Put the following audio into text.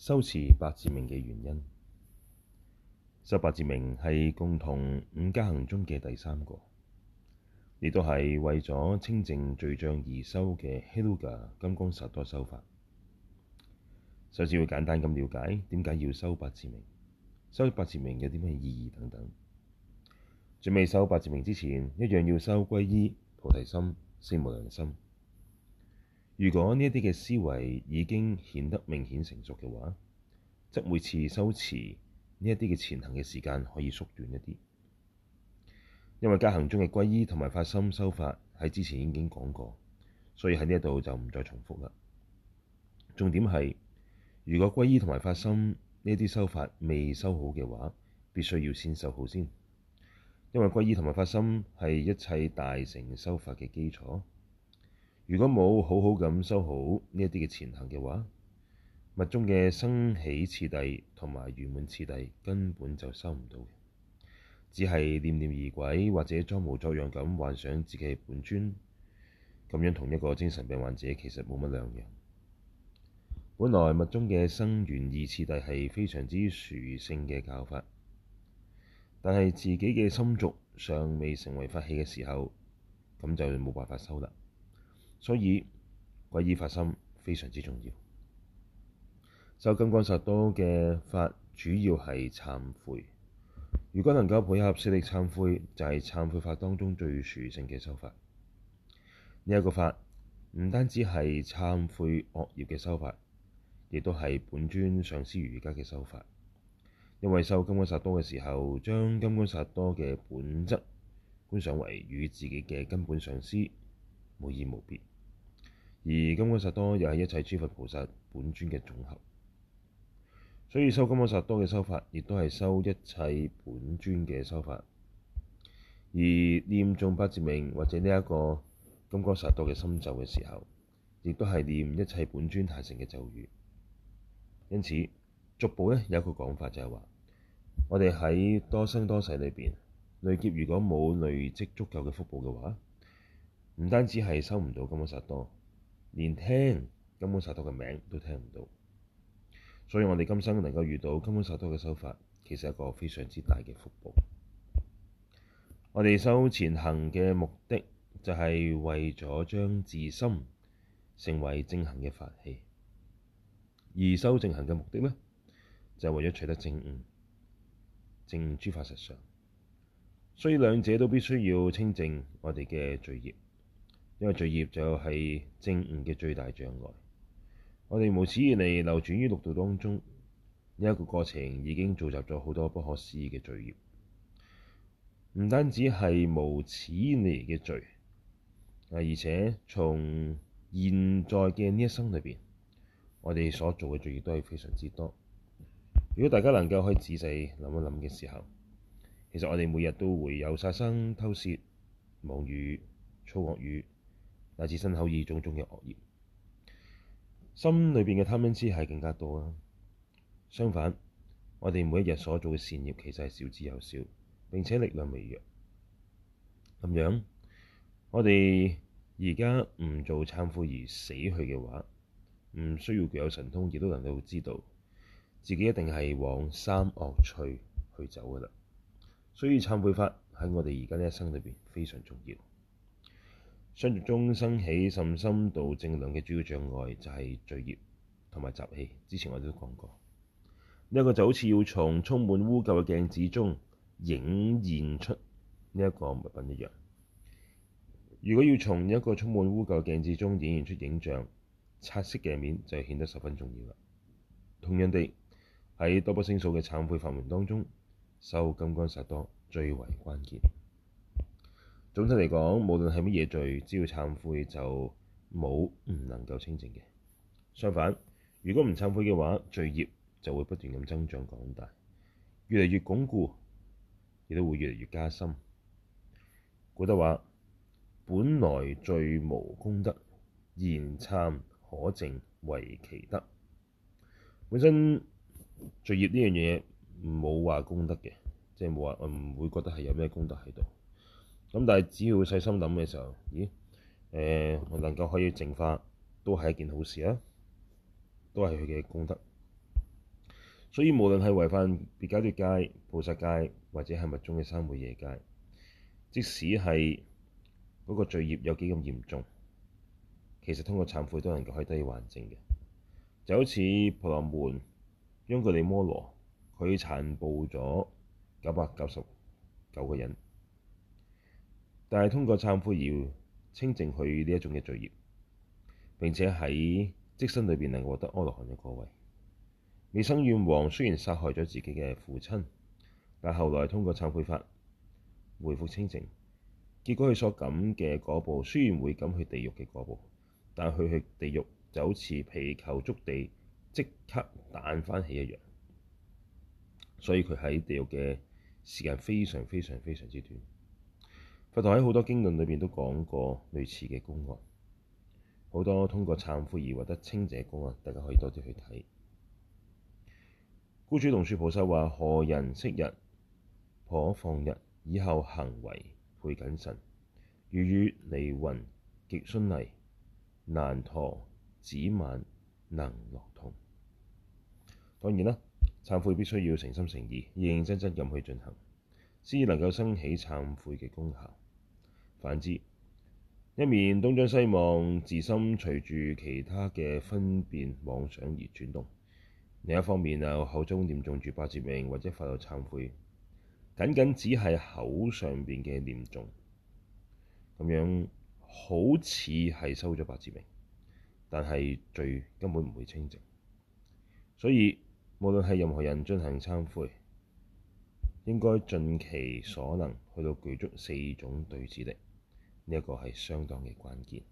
修持百字明嘅原因，修百字明，係共同五加行中嘅第三個，亦都係為咗清淨罪障而修嘅赫魯嘎金剛薩埵修法。首先會簡單咁了解點解要修百字明，修百字明有啲咩意義等等。準備修百字明之前，一樣要修皈依、菩提心、四無量心。如果呢啲嘅思維已經顯得明顯成熟嘅話，則每次修持呢一啲嘅前行嘅時間可以縮短一啲。因為加行中嘅皈依同埋發心修法喺之前已經講過，所以喺呢一度就唔再重複啦。重點係，如果皈依同埋發心呢啲修法未修好嘅話，必須要先修好先，因為皈依同埋發心係一切大乘修法嘅基礎。如果冇好好咁修好呢一啲嘅前行嘅話，密宗嘅生起次第同埋圓滿次第根本就修唔到，只係念念儀軌或者裝模作樣咁幻想自己係本尊，咁樣同一個精神病患者其實冇乜兩樣。本來密宗嘅生圓二次第係非常之殊勝嘅教法，但係自己嘅心續尚未成為法器嘅時候，咁就冇辦法修啦。所以，皈依發心非常之重要。修金剛薩埵嘅法主要係懺悔，如果能夠配合四力懺悔，就係、是、懺悔法當中最殊勝嘅修法。呢、這、一個法唔單止係懺悔惡業嘅修法，亦都係本尊上師瑜伽嘅修法。因為修金剛薩埵嘅時候，將金剛薩埵嘅本質觀想為與自己嘅根本上師無異無別。而金剛薩埵又係一切諸佛菩薩本尊嘅總合，所以修金剛薩埵嘅修法，亦都係修一切本尊嘅修法。而念誦百字明，或者呢一個金剛薩埵嘅心咒嘅時候，亦都係念一切本尊壇城嘅咒語。因此，續部咧有一個講法就係話，我哋喺多生多世裏邊累劫，如果冇累積足夠嘅福報嘅話，唔單止係修唔到金剛薩埵。連聽根本薩埵嘅名都聽唔到，所以我哋今生能夠遇到根本薩埵嘅修法，其實係一個非常之大嘅福報。我哋修前行嘅目的就係、是、為咗將自心成為正行嘅法器，而修正行嘅目的呢就係、是、為咗取得證悟，證悟諸法實相。所以兩者都必須要清淨我哋嘅罪業。因為罪業就係證悟嘅最大障礙。我哋無始以來流轉於六道當中呢一，這個過程，已經造集咗好多不可思議嘅罪業，唔單止係無始嚟嘅罪，而且從現在嘅呢一生裏邊，我哋所做嘅罪業都係非常之多。如果大家能夠可以仔細諗一諗嘅時候，其實我哋每日都會有殺生、偷竊、妄語、粗惡語。乃至身口意種種嘅惡業，心裏邊嘅貪嗔癡係更加多啦。相反，我哋每一日所做嘅善業其實係少之又少，並且力量微弱。咁樣，我哋而家唔做懺悔而死去嘅話，唔需要具有神通，亦都能夠知道，自己一定係往三惡趣去走嘅啦。所以懺悔法喺我哋而家呢一生裏邊非常重要。相續中生起甚深道證量嘅主要障礙，就係罪業同埋習氣。之前我哋都講過，呢一個就好似要從充滿污垢嘅鏡子中影現出呢一個物品一樣。如果要從一個充滿污垢嘅鏡子中影現出影像，擦拭鏡面就顯得十分重要啦。同樣地，喺多不勝數嘅懺悔法門當中，修金剛薩埵最為關鍵。總體嚟講，無論係乜嘢罪，只要懺悔就冇唔能夠清淨嘅。相反，如果唔懺悔嘅話，罪業就會不斷咁增長廣大，越嚟越鞏固，亦都會越嚟越加深。古德話：本來罪無功德，然懺可淨為其德。本身罪業呢樣嘢冇話功德嘅，即係冇話我唔會覺得係有咩功德喺度。咁但係只要細心諗嘅時候，咦？誒、呃，我能夠可以淨化，都係一件好事啊！都係佢嘅功德。所以無論係違犯別解脫戒、菩薩戒，或者係密宗嘅三昧耶戒，即使係嗰個罪業有幾咁嚴重，其實通過懺悔都能夠可以得以還淨嘅。就好似婆羅門央具理魔羅，佢殘暴咗九百九十九個人。但係通過懺悔而清淨佢呢一種嘅罪業，並且喺即身裏邊能夠獲得阿羅漢嘅果位。未生怨王雖然殺害咗自己嘅父親，但後來通過懺悔法回復清淨，結果佢所感嘅果報雖然會感去地獄嘅果報，但佢去，去地獄就好似皮球觸地即刻彈翻起一樣，所以佢喺地獄嘅時間非常非常非常之短。佛陀喺好多經論裏面都講過類似嘅公案，好多通過懺悔而獲得清者公案。大家可以多啲去睇。怙主龍樹菩薩話：何人昔日，頗放逸，以後行為，倍謹慎。如月離雲，極絢麗，難陀指鬘能樂同。當然啦，懺悔必須要誠心誠意、認認真真咁去進行，先至能夠生起懺悔嘅功效。反之，一面東張西望，自心隨住其他嘅分別妄想而轉動；另一方面啊，口中念誦住百字明，或者發露懺悔，僅僅只係口上邊嘅念誦咁樣，好似係修咗百字明，但係罪根本唔會清淨。所以無論係任何人進行懺悔，應該盡其所能去到具足四種對治力。呢一個係相當嘅關鍵。